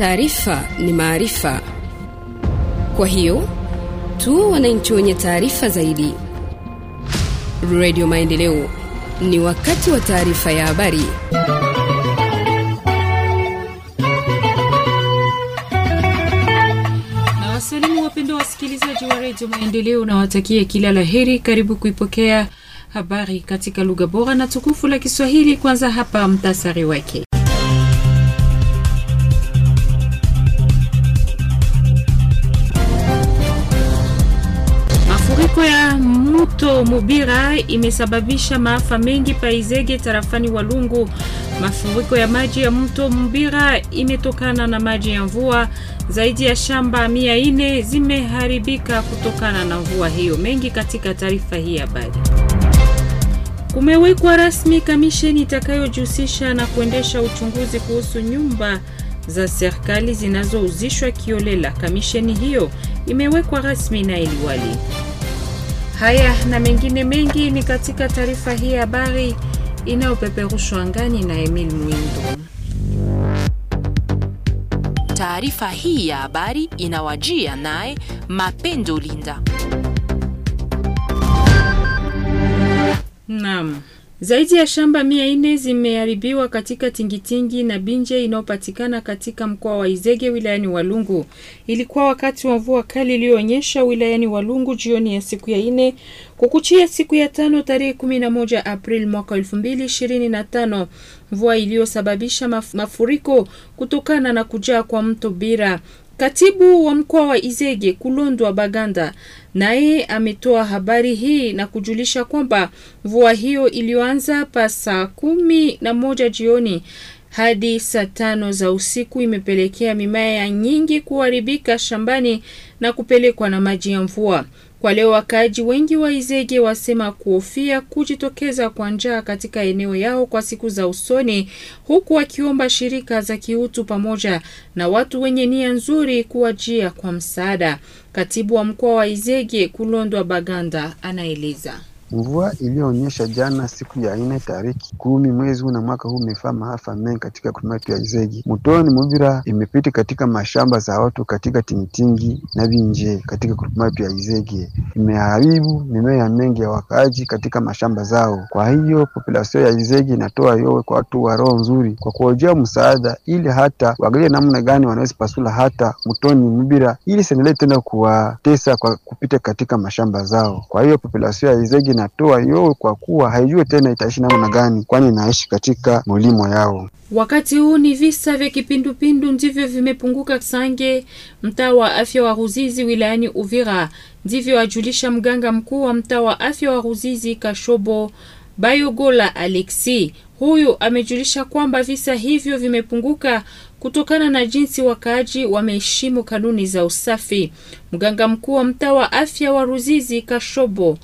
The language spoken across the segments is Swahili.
Taarifa ni maarifa, kwa hiyo tu wananchi wenye taarifa zaidi. Redio Maendeleo, ni wakati wa taarifa ya habari. Na wasalimu wasikilizaji wa Redio Maendeleo, unawatakia kila la heri. Karibu kuipokea habari katika lugha bora na tukufu la Kiswahili. Kwanza hapa mtasari wake. moto Mubira imesababisha maafa mengi Paizege tarafani Walungu. Mafuriko ya maji ya mto Mubira imetokana na maji ya mvua. Zaidi ya shamba mia nne zimeharibika kutokana na mvua hiyo. Mengi katika taarifa hii habari. Kumewekwa rasmi kamisheni itakayojihusisha na kuendesha uchunguzi kuhusu nyumba za serikali zinazouzishwa kiolela. Kamisheni hiyo imewekwa rasmi na iliwali Haya na mengine mengi ni katika taarifa hii ya habari inayopeperushwa angani na Emil Mwindo. Taarifa hii ya habari inawajia naye Mapendo Linda. Naam. Zaidi ya shamba mia nne zimeharibiwa katika Tingitingi na Binje inayopatikana katika mkoa wa Izege wilayani Walungu. Ilikuwa wakati wa mvua kali iliyoonyesha wilayani Walungu jioni ya siku ya nne kukuchia siku ya tano tarehe 11 Aprili mwaka tano mvua iliyosababisha mafuriko kutokana na kujaa kwa mto Bira. Katibu wa mkoa wa Izege Kulondwa Baganda naye ametoa habari hii na kujulisha kwamba mvua hiyo iliyoanza pa saa kumi na moja jioni hadi saa tano za usiku imepelekea mimea nyingi kuharibika shambani na kupelekwa na maji ya mvua. Kwa leo wakaaji wengi wa Izege wasema kuhofia kujitokeza kwa njaa katika eneo yao kwa siku za usoni, huku wakiomba shirika za kiutu pamoja na watu wenye nia nzuri kuwajia kwa msaada. Katibu wa mkoa wa Izege Kulondwa Baganda anaeleza. Mvua iliyoonyesha jana siku ya nne tariki kumi mwezi huu na mwaka huu imefaa maafa mengi katika kumatu ya Izegi mutoni Muvira, imepita katika mashamba za watu katika tingitingi na vinje katika kumatu ya Izegi, imeharibu mimea mengi ya wakaaji katika mashamba zao. Kwa hiyo populasio ya Izegi inatoa yowe kwa watu wa roho nzuri kwa kuojea msaada, ili hata wagalie namna gani wanaweza pasula hata mutoni Muvira, ili siendelee tena kuwatesa kwa kupita katika mashamba zao. Kwa hiyo populasio ya Izegi inatoa hiyo kwa kuwa haijue tena itaishi namna gani, kwani inaishi katika mulimo yao. Wakati huu ni visa vya kipindupindu ndivyo vimepunguka Sange, mtaa wa afya wa Ruzizi wilayani Uvira, ndivyo ajulisha mganga mkuu wa mtaa wa afya wa Ruzizi Kashobo Bayogola Alexi. Huyu amejulisha kwamba visa hivyo vimepunguka kutokana na jinsi wakaaji wameheshimu kanuni za usafi. Mganga mkuu wa mtaa wa afya wa Ruzizi Kashobo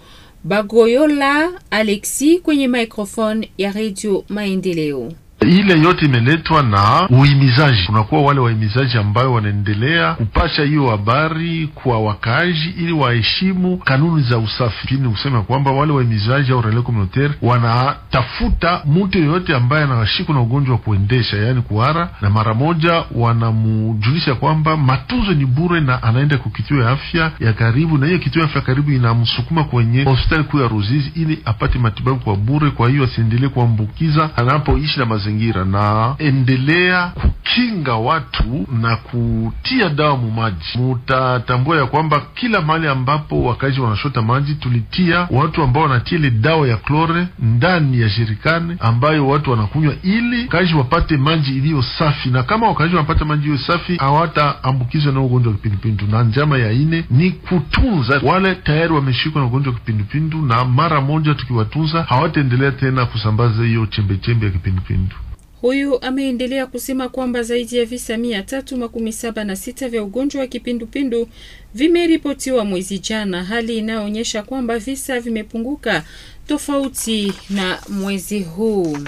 Bagoyola Alexi kwenye microphone ya Radio Maendeleo. Ile yote imeletwa na uhimizaji. Kunakuwa wale wahimizaji ambayo wanaendelea kupasha hiyo habari kwa wakaaji ili waheshimu kanuni za usafi, lakini kusema kwamba wale wahimizaji au relais communautaire wanatafuta mtu yoyote ambaye anashikwa na ugonjwa wa kuendesha, yaani kuhara, na mara moja wanamujulisha kwamba matunzo ni bure na anaenda kwa kituo ya afya ya karibu, na hiyo kituo ya afya karibu inamsukuma kwenye hospitali kuu ya Ruzizi ili apate matibabu kwa bure, kwa hiyo asiendelee kuambukiza anapoishi na mazingira na endelea kukinga watu na kutia dawa mumaji. Mutatambua ya kwamba kila mahali ambapo wakazi wanashota maji tulitia watu ambao wanatia ile dawa ya klore ndani ya shirikani ambayo watu wanakunywa, ili wakazi wapate maji iliyo safi, na kama wakazi wanapata maji iliyo safi hawataambukizwa na ugonjwa wa kipindupindu. Na njama ya ine ni kutunza wale tayari wameshikwa na ugonjwa wa kipindupindu, na mara moja tukiwatunza hawataendelea tena kusambaza hiyo chembechembe ya kipindupindu. Huyu ameendelea kusema kwamba zaidi ya visa mia tatu makumi saba na sita vya ugonjwa wa kipindupindu vimeripotiwa mwezi jana, hali inayoonyesha kwamba visa vimepunguka tofauti na mwezi huu.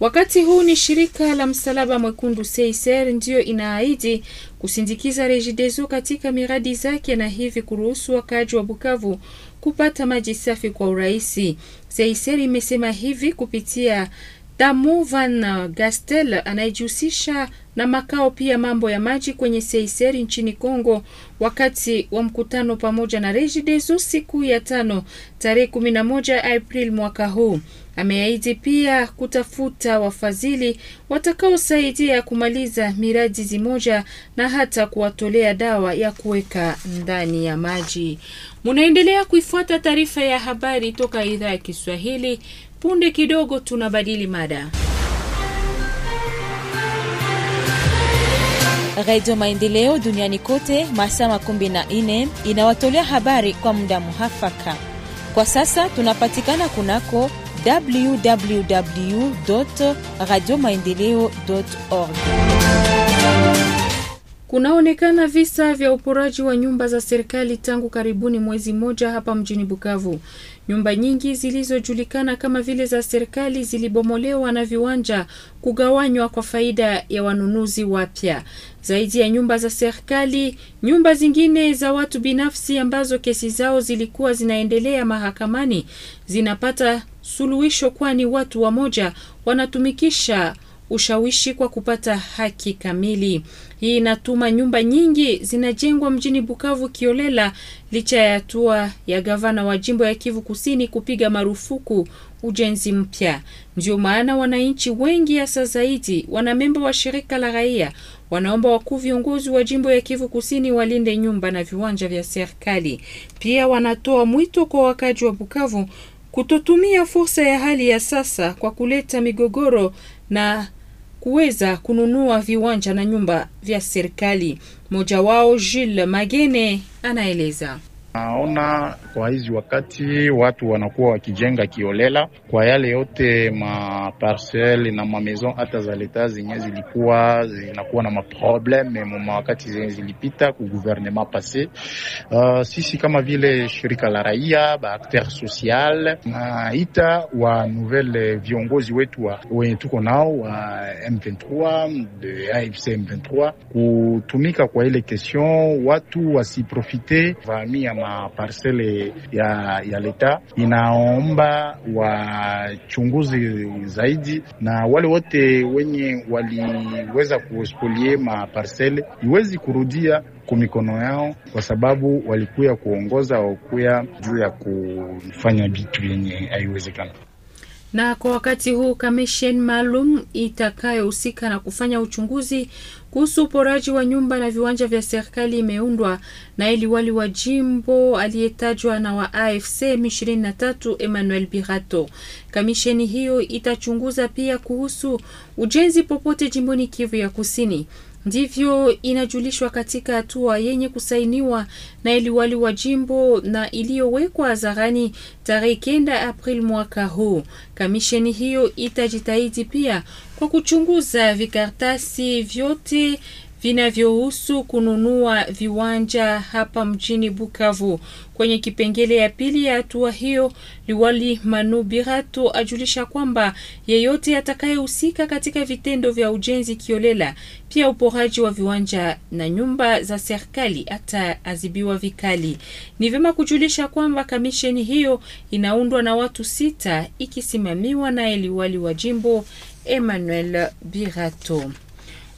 Wakati huu ni shirika la Msalaba Mwekundu CICR ndiyo inaahidi kusindikiza Regideso katika miradi zake na hivi kuruhusu wakaaji wa Bukavu kupata maji safi kwa urahisi. CICR imesema hivi kupitia Damu Van uh, Gastel anayejihusisha na makao pia mambo ya maji kwenye Seiseri nchini Kongo wakati wa mkutano pamoja na Regideso siku ya tano tarehe 11 Aprili mwaka huu ameahidi pia kutafuta wafadhili watakaosaidia kumaliza miradi zimoja na hata kuwatolea dawa ya kuweka ndani ya maji. Munaendelea kuifuata taarifa ya habari toka idhaa ya Kiswahili Punde kidogo tunabadili mada. Redio Maendeleo duniani kote masaa 14 inawatolea habari kwa muda muhafaka. Kwa sasa tunapatikana kunako www radio maendeleo org. Kunaonekana visa vya uporaji wa nyumba za serikali tangu karibuni mwezi mmoja hapa mjini Bukavu. Nyumba nyingi zilizojulikana kama vile za serikali zilibomolewa na viwanja kugawanywa kwa faida ya wanunuzi wapya. Zaidi ya nyumba za serikali, nyumba zingine za watu binafsi ambazo kesi zao zilikuwa zinaendelea mahakamani zinapata suluhisho, kwani watu wamoja wanatumikisha ushawishi kwa kupata haki kamili. Hii inatuma nyumba nyingi zinajengwa mjini Bukavu kiolela, licha ya hatua ya gavana wa jimbo ya Kivu Kusini kupiga marufuku ujenzi mpya. Ndio maana wananchi wengi hasa zaidi wanamemba wa shirika la raia wanaomba wakuu viongozi wa jimbo ya Kivu Kusini walinde nyumba na viwanja vya serikali. Pia wanatoa mwito kwa wakaji wa Bukavu kutotumia fursa ya hali ya sasa kwa kuleta migogoro na kuweza kununua viwanja na nyumba vya serikali. Mmoja wao Jules Magene anaeleza. Naona kwa hizi wakati watu wanakuwa wakijenga kiolela kwa yale yote maparsele na mamaison hata za leta zenye zilikuwa zinakuwa na maprobleme mwa wakati zenye zilipita ku gouvernement passe. Uh, sisi kama vile shirika la raia ba acteur social naita wa nouvelle viongozi wetu wenye tuko nao wa M23 de AFC M23 kutumika kwa ile question watu wasiprofite vamia maparsele ya, ya leta inaomba wachunguzi zaidi na wale wote wenye waliweza kuspolie maparsele iwezi kurudia kwa mikono yao, kwa sababu walikuya kuongoza wakuya juu ya kufanya vitu yenye haiwezekana. Na kwa wakati huu kamisheni maalum itakayohusika na kufanya uchunguzi kuhusu uporaji wa nyumba na viwanja vya serikali imeundwa. na liwali wa jimbo aliyetajwa na wa AFC M23 Emmanuel Birato. Kamisheni hiyo itachunguza pia kuhusu ujenzi popote jimboni Kivu ya Kusini. Ndivyo inajulishwa katika hatua yenye kusainiwa na iliwali wa jimbo na iliyowekwa hadharani tarehe kenda april mwaka huu. Kamisheni hiyo itajitahidi pia kwa kuchunguza vikartasi vyote vinavyohusu kununua viwanja hapa mjini Bukavu. Kwenye kipengele ya pili ya hatua hiyo, Liwali Manu Birato ajulisha kwamba yeyote atakayehusika katika vitendo vya ujenzi kiolela, pia uporaji wa viwanja na nyumba za serikali ataadhibiwa vikali. Ni vyema kujulisha kwamba kamisheni hiyo inaundwa na watu sita ikisimamiwa naye liwali wa jimbo Emmanuel Birato.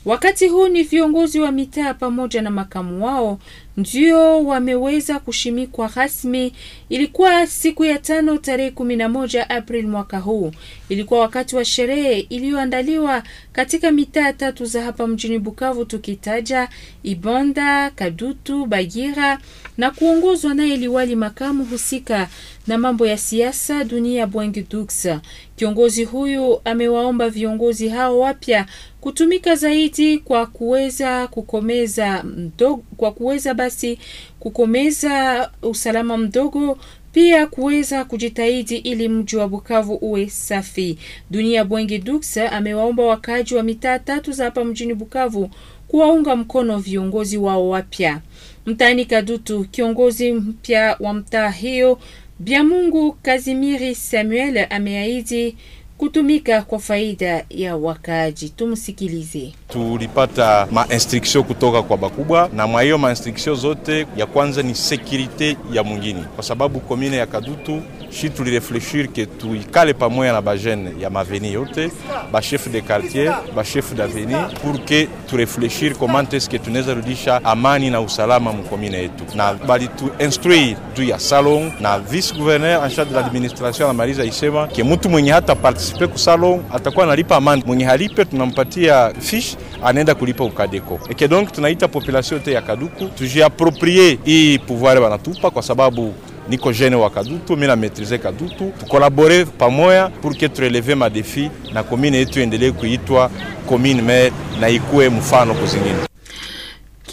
Wakati huu ni viongozi wa mitaa pamoja na makamu wao ndio wameweza kushimikwa rasmi. Ilikuwa siku ya tano tarehe kumi na moja Aprili mwaka huu, ilikuwa wakati wa sherehe iliyoandaliwa katika mitaa tatu za hapa mjini Bukavu, tukitaja Ibonda, Kadutu, Bagira na kuongozwa naye liwali makamu husika na mambo ya siasa Dunia Bwangi Dux. Kiongozi huyu amewaomba viongozi hao wapya kutumika zaidi kwa kuweza kukomeza mdogo, kwa kuweza basi kukomeza usalama mdogo pia kuweza kujitahidi ili mji wa Bukavu uwe safi. Dunia Bwengi dux amewaomba wakaaji wa mitaa tatu za hapa mjini Bukavu kuwaunga mkono viongozi wao wapya. Mtaani Kadutu, kiongozi mpya wa mtaa hiyo Biamongo, Casimiri Samuel Ameidi kutumika kwa faida ya wakaaji. Tumsikilize. Tulipata mainstriktio kutoka kwa bakubwa, na mwa hiyo mainstriksio zote ya kwanza ni sekurite ya mwingine, kwa sababu komine ya Kadutu shi tulireflechir ke tuikale pamoya na bajene ya maveni yote bashef de quartier bashef daveni pour ke turefleshir comment eske tunaweza rudisha amani na usalama mukomine yetu, na balituinstruire juu ya salon na vice gouverneur en charge de l'administration anamaliza isema ke mutu mwenye hata participe salon atakuwa analipa amande, mwenye halipe tunampatia fish, anaenda kulipa ukadeko eke. Donc tunaita population yote ya Kaduku tujiaproprie hii pouvoir wanatupa kwa sababu niko jene wa Kadutu, mimi na maitrize Kadutu, tukolabore pamoya pour que tureleve madefi na commune yetu endelee kuitwa commune mer na ikue mfano kuzingine.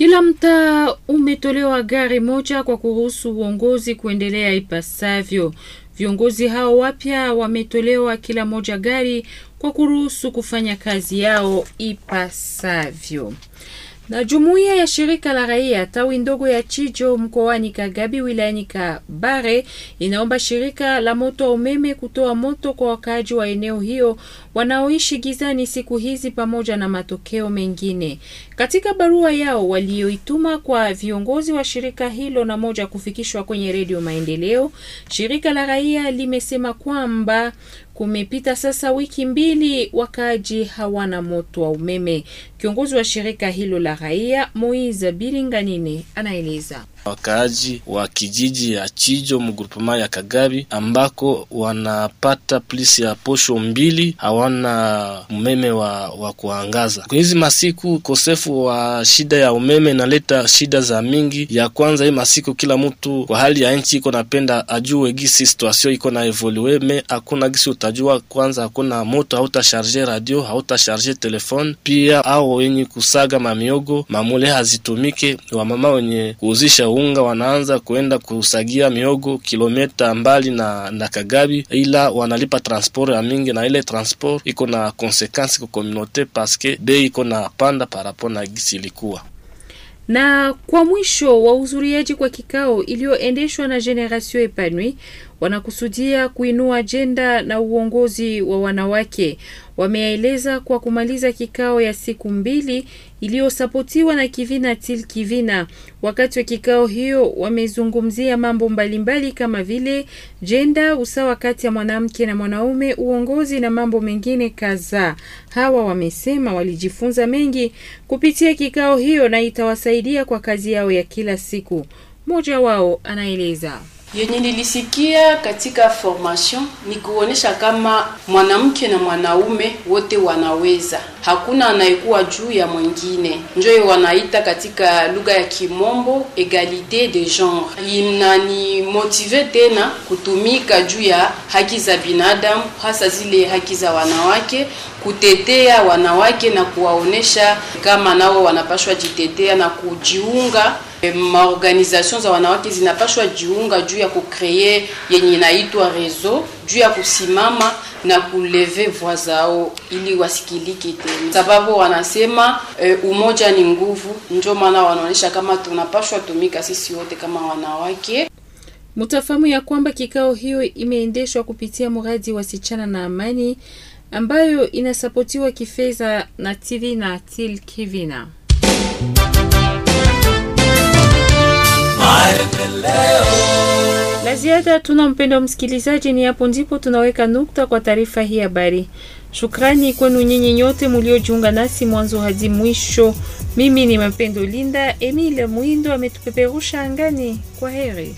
Kila mtaa umetolewa gari moja kwa kuruhusu uongozi kuendelea ipasavyo. Viongozi hao wapya wametolewa kila moja gari kwa kuruhusu kufanya kazi yao ipasavyo. Na jumuiya ya shirika la raia tawi ndogo ya Chijo mkoani Kagabi wilayani Kabare inaomba shirika la moto wa umeme kutoa moto kwa wakaaji wa eneo hiyo wanaoishi gizani siku hizi pamoja na matokeo mengine. Katika barua yao walioituma kwa viongozi wa shirika hilo na moja kufikishwa kwenye Redio Maendeleo, shirika la raia limesema kwamba kumepita sasa wiki mbili wakaaji hawana moto wa umeme. Kiongozi wa shirika hilo la raia Moiza Bilinganine anaeleza wakaaji wa kijiji ya Chijo mgrupema ya Kagabi ambako wanapata plisi ya posho mbili, hawana umeme wa, wa kuangaza kwa hizi masiku. Ukosefu wa shida ya umeme inaleta shida za mingi. Ya kwanza hii masiku, kila mtu kwa hali ya nchi iko napenda ajue gisi situasio iko na evolue me, hakuna gisi utajua. Kwanza hakuna moto, hautasharge radio, hautasharge telefone. Pia au wenye kusaga mamiogo mamule hazitumike, wamama wenye kuuzisha unga wanaanza kwenda kusagia miogo kilomita mbali na, na Kagabi, ila wanalipa transport ya mingi, na ile transport iko na konsekansi kwa komunote paske bei iko na panda parapo na gisi ilikuwa na kwa mwisho wa uzuriaji kwa kikao iliyoendeshwa na Generation Epanui, wanakusudia kuinua ajenda na uongozi wa wanawake. Wameeleza kwa kumaliza kikao ya siku mbili iliyosapotiwa na Kivina Til Kivina. Wakati wa kikao hiyo wamezungumzia mambo mbalimbali kama vile jenda, usawa kati ya mwanamke na mwanaume, uongozi na mambo mengine kadhaa. Hawa wamesema walijifunza mengi kupitia kikao hiyo na itawasaidia kwa kazi yao ya kila siku. Mmoja wao anaeleza. Yenye nilisikia katika formation ni kuonesha kama mwanamke na mwanaume wote wanaweza, hakuna anayekuwa juu ya mwingine. njoyo wanaita katika lugha ya Kimombo egalite de genre. Inanimotive tena kutumika juu ya haki za binadamu, hasa zile haki za wanawake, kutetea wanawake na kuwaonesha kama nao wanapashwa jitetea na kujiunga maorganization za wanawake zinapashwa jiunga juu ya kukree yenye inaitwa rezo juu ya kusimama na kuleve voix zao ili wasikilike tena, sababu wanasema e, umoja ni nguvu. Ndio maana wanaonyesha kama tunapashwa tumika sisi wote kama wanawake. mutafamu ya kwamba kikao hiyo imeendeshwa kupitia mradi wa sichana na amani ambayo inasapotiwa kifedha na TV na Til Kivina. La ziada tuna mpendo msikilizaji, ni hapo ndipo tunaweka nukta kwa taarifa hii habari. Shukrani kwenu nyinyi nyote mliojiunga nasi mwanzo hadi mwisho. Mimi ni Mapendo Linda, Emile Mwindo ametupeperusha angani. Kwa heri.